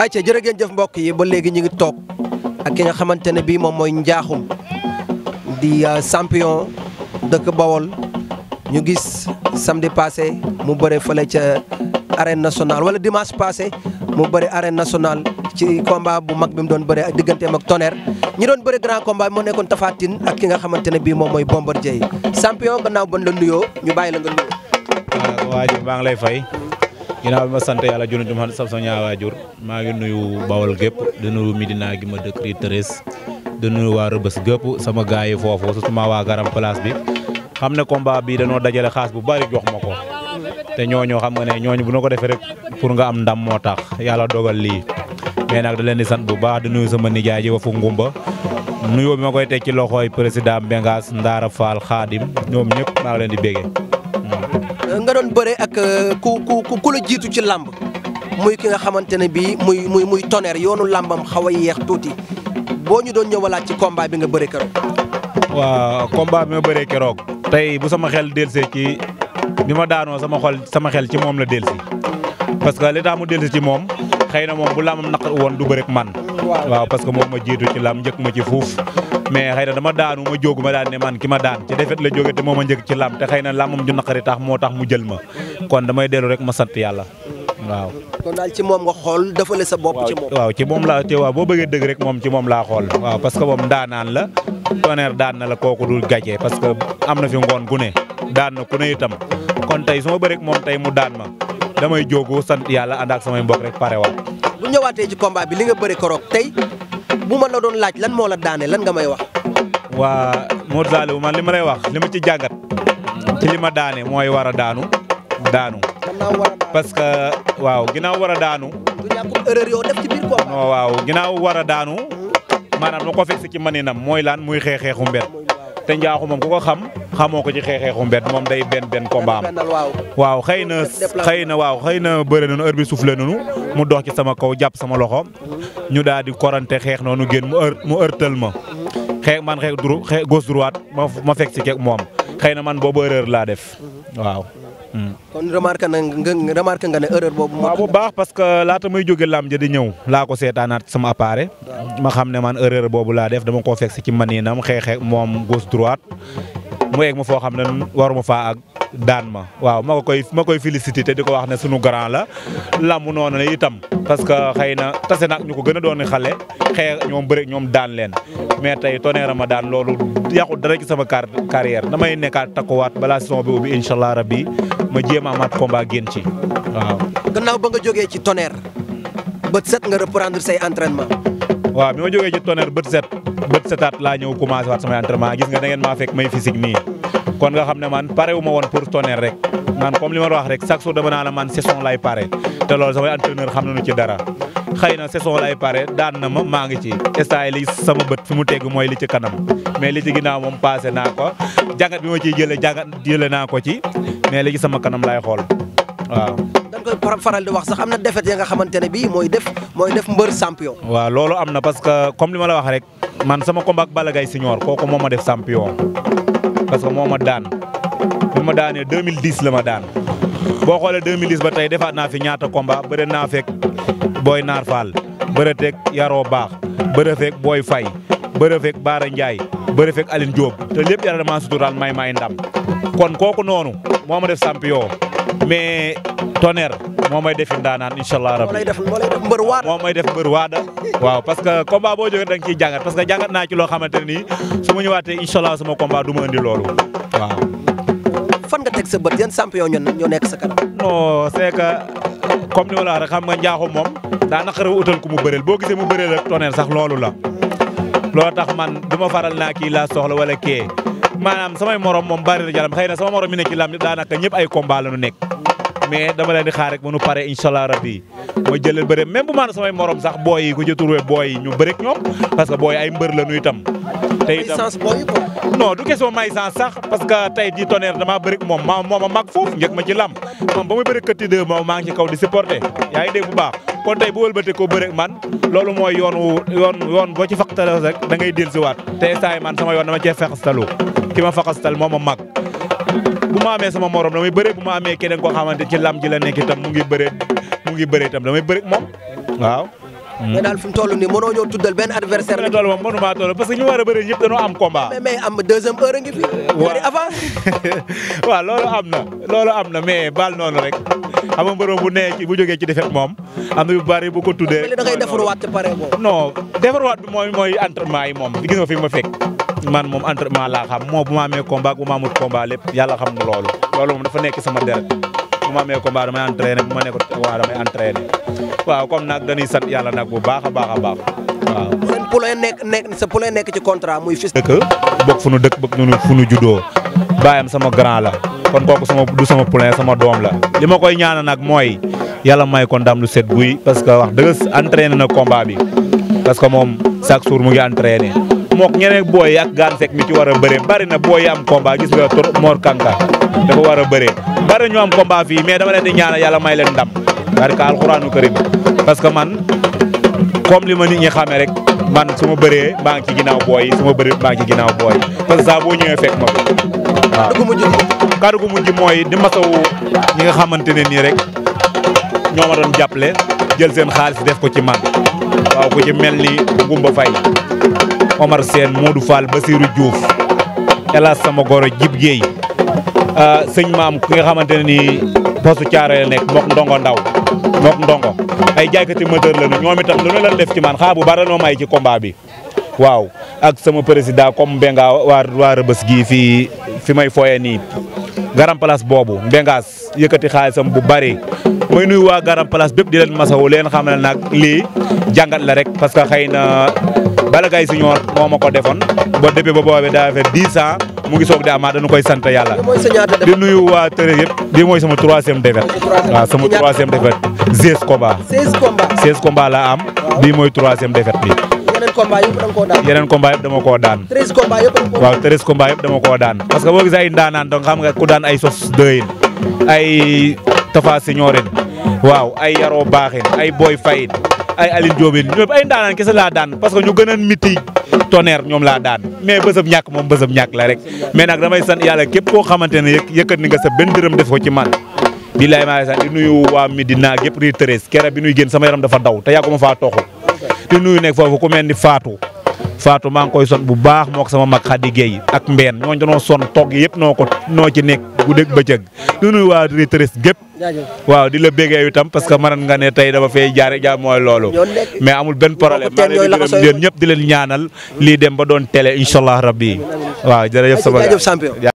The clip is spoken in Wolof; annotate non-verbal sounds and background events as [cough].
ayca jërë ngeen jëf mbokk yi ba léegi ñu ngi toog ak ki nga xamante ne bii moom mooy njaaxum di euh, champion dëkk Bawol ñu gis samedi passé mu bëre fële ca arène national wala dimanche passé mu bëre arène national ci combat bu mag bi mu doon bëre ak digganteem ak tonnerre ñi doon bëre grand combat bi moo nekkoon Tapha Tine ak ki nga xamante ne bii moom mooy Bombardier champion gannaaw ban la nuyoo ñu bàyyi la nga nuyoo. ngi lay fay. ginnaaw bi ma sant yàlla juli du ma sab sama ñaari waajur maa ngi nuyu Bawol gépp di nuyu midinaa gi ma dëkk Rue Thérèse di nuyu waa Rëbës gépp sama gars yi foofu surtout ma waa garam place bi xam ne combat bii danoo dajale xaas bu bari jox ma ko te ñooñoo xam nga ne ñooñu bu na ko defee rek pour nga am ndam moo tax yàlla dogal lii mais nag da leen di sant bu baax di nuyu sama nijaay ji wa ngumba nuyoo bi ma koy teg ci loxooy président Mbengas Ndaara Fall Khadim ñoom ñëpp maa leen di bége nga doon bëre ak euh, ku ku ku la jiitu ci làmb muy ki nga xamante ne bii muy muy muy Tonnerre yoonu làmbam xaw a yeex tuuti boo ñu doon ñëwalaat ci combat bi nga bëre keroog. waa combat bi ma bëree keroog. tey bu sama xel delsee ci bi ma daanoo sama xol sama xel ci moom la delsi parce que li tax mu delsi ci moom xëy na moom bu làmbam naqar woon du bëre ak man. waaw parce que moom ma jiitu ci lam njëkk ma ci fuuf mais xëy na dama daanu ma jógu ma daan ne man ki ma daan ci defet la jóge te moom a njëkk ci lam te xëy na lamam ju naqari tax moo tax ma kon damay dellu rek ma sant yàlla waaw kon daal ci moom nga xool dafale sa bopp waaw ci moom laa te waaw boo bëggee dëgg rek moom ci moom laa xool waaw parce moom daanaan la Tonnerre daan na la kooku dul gàcce parce que am na fi ngoon gu ne daan na ku ne itam kon tey su ma moom tey mu daan ma damay jógu sant yàlla ànd ak samay mbokk rek pare waat bu ñëwaatee ci combat bi li nga bëri koroog tey bu ma la doon laaj lan moo la daane lan nga may wax. waa Modou Saliou man li ma lay wax li ma ci jàngat ci li ma daane mooy war a daanu daanu. parce que waaw ginnaaw war a daanu. du ñàkkul erreur yoo def ci ginnaaw war a daanu. Hmm. maanaam lu ko fekk ci maninam mooy laan muy xeexeexu mbër te njaaxu moom xam. xamoo ko ci xeexeexu mbedd moom day benn benn combat am waaw xëy na xëy na waaw xëy na bëre noonu heure bi soufflé noonu mu dox ci sama kaw jàpp sama loxo ñu daal di korante xeex noonu génn mu ër mu ërtal ma xeex man xeex duru xeex droite ma ma fekk si keeg moom xëy na man boobu erreur laa def waaw. Hmm. kon remarqué na nga remarqué nga ne erreur boobu. waaw bu baax parce que laata may jóge lam ja di ñëw laa ko seetaanaat sama appareil. ma xam ne man erreur boobu laa def dama koo fekk si ci maniinam xeex moom gauche droite. mu yegg ma foo xam ne waruma faa ak daan ma waaw ma koy ma koy félicité te di ko wax ne sunu grand la lamb noonu la itam parce que xëy na tase na ñu ko gën a doon xale xëy ñoom bëri ñoom daan leen mais tey Tonnerre ma daan loolu yàqu dara ci sama carrière damay nekkaat takkuwaat balaa saison bi ubbi incha allah rabbi ma jéem a amaat combat génn ci waaw. gannaaw ba nga jógee ci Tonnerre bët set nga reprendre say entraînement. waaw bi ma jógee ci Tonnerre bët set. bët setaat laa ñëw commencé waat samay entraînement gis nga da ngeen maa fekk may physique nii kon nga xam ne man pare wu ma woon pour Tonnerre rek man comme li ma wax rek chaque jour dama naa la man saison lay pare te loolu samay entraîneur xam nañu ci dara xëy na saison lay pare daan na ma maa ngi ci instant li sama bët fi mu teg mooy li ci kanam mais li ci ginnaaw moom passé naa ko jàngat bi ma ciy jëlee jàngat jëlee naa ko ci mais li ci sama kanam lay xool man sama combat ak Balla Gaye senior kooku moo ma def champion parce que moo ma daan bi ma daanee 2010 la ma daan boo xoolee 2010 ba tey defaat naa fi ñaata combat bëre naa fekk Boy Naar Fall bëre teg Yaro Baax bëre fekk Boy Faye bëre fekk Baara Ndiaye bëre fekk Aline Diop te lépp yàlla damaa suturaal may ndam kon kooku noonu moo ma def champion mais tonnerre. moo may defi ndaanaan incha allah rabi. moo lay def waada waaw parce que combat boo jógee da nga ciy jàngat parce que jàngat naa ci loo xamante nii su ma ñëwaatee incha allah sama combat du ma indi loolu waaw. fan nga teg sa bët yan champion ñoo nekk sa kanam. non c'est que comme ni ma la wax rek nga njaaxu moom daanaka rek utal ku mu bëreel boo gisee mu bëreel rek sax loolu la. loolu tax man du ma faral naa kii laa soxla wala kee maanaam samay morom moom bari na jaram xëy na sama morom mi ne ci nekk. mais dama leen di xaar rek mënu pare incha allah rabbi ma jëlal bëri même bu maanaam samay morom sax booy yi ku ci booy yi ñu bëri ñoom parce que booy ay mbër la nuy itam. te itam non du question may sens sax parce que tey jii tonnerre damaa bëri moom ma moo ma mag foofu njëkk ma ci lam moom ba muy bëri këtti deux moom maa ngi ci kaw di supporté yaa ngi dégg bu baax kon tey bu wëlbatee ko bëri man loolu mooy yoon wu yoon yoon boo ci faqtalo rek da ngay dellusiwaat te saa man sama yoon dama cee faqastalu ki ma faqastal ma bu ma amee sama morom damay bëree bu ma amee keneen koo xamante ci lam ji nekk itam mu ngi bëree mu ngi bëree itam damay bëree moom waaw. mais daal fi mu toll nii mënoo ñëw tuddal benn adversaire. fi mu toll moom parce que ñu war a bëri ñëpp dañoo am combat. mais mais a ngi fi. [laughs] waaw loolu am na loolu am na mais baal noonu rek xam nga mbërëm bu nee bu jógee ci défaite moom am na yu bari bu ko tuddee. da ngay defarwaat te pare non defarwaat bi mooy mooy entraînement yi moom fi ma fekk. man moom entraînement laa xam moo bu ma amee combat bu ma amut combat lépp yàlla xam na loolu loolu moom dafa nekk sama deret bu ma amee combat damay entraîné bu ma nekkut combat damay entraîné waaw comme nag dañuy sant nag bu baax a baax a baax waaw. seen poulain nekk nekk nekk ci contrat muy. dëkk bokk fu nu dëkk bokk nu fu nu juddoo baayam sama grand la kon kooku sama du sama poulain sama doom la li ma koy ñaanal nag mooy yàlla may ko ndam lu set buy parce que wax dëgg na combat bi parce moom chaque jour mu ngi mook ñeneen booy ak gaan sek mi ci war a bëree bari na booy am combat gis nga tur Mor Kanka dafa war a bëree bari ñu am combat fii mais dama leen di ñaana yàlla may leen ndam barka alxuraanu karim parce que man comme li ma nit ñi xamee rek man su ma bëree maa ngi ci ginnaaw booy yi su ma bëree maa ngi ci ginnaaw booy parce que saa boo ñëwee fekk ma ko waaw. kàddu gu mujj mooy di masawu ñi nga xamante ne nii rek ñoo ma doon jàppale jël seen xaalis def ko ci man waaw ku ci mel ni Ngumba Faye Omar Sène Modou Fall Basirou Diouf Elas sama goro Jib Guèye euh, sëñ maam ki xamante ne nii postu caaro la nekk mook ndongo ndaw mook ndongo ay jaaykati moteur la ñoom itam lu ne lan def ci man xaa bu bara noo may ci combat bi waaw ak sama président comme fi may fooye nii garam place boobu Mbengaas yëkkati xaalisam bu bari may nuyu waa garam place bépp di leen masawu leen xam ne nag lii jàngat la rek parce que xëy na Balla Gaye Junior moo ma ko defoon ba depuis ba boobee daa fekk 10 ans mu ngi soog di amaat dañu koy sant yàlla. di nuyu waa tërë yëpp bii mooy sama troisième défaite. waaw sama troisième défaite 16 combats. 16 combats laa am. bii mooy troisième défaite bi. yeneen komba yëpp dama koo daan waaw treize combat yëpp dama koo daan parce que boo gisee ay ndaanaan donc xam nga ku daan ay sos dëyin ay tafa siñoorin waaw ay yaroo baaxin ay boy fayin ay Aline Diobène ñoom ay ndaanaan kese laa daan parce que ñu gën a miti tonnerre ñoom laa daan mais bësëb ñàkk moom bësëb ñàkk la rek mais nag damay sant yàlla képp koo xamante ne sa benn dërëm def ko ci man di lay maa sant di nuyu waa Medina gépp ri tërés kera bi nuy génn sama yaram dafa daw te yàggu ma faa toxu di nuyu nekk foofu ku mel ni Fatou maa ngi koy son bu baax moo ko sama mag Khady Guèye ak Mbène ñooñu dañoo son togg yëpp noo ko noo ci nekk guddeeg bëccëg di nuyu waa retraite gépp waaw di la béggee tam parce que mënoon nga ne tey dama fay jaare jaar mooy loolu mais amul benn problème maa ngi di ñëpp di leen ñaanal lii dem ba doon télé incha allah rabbi waaw jërëjëf sama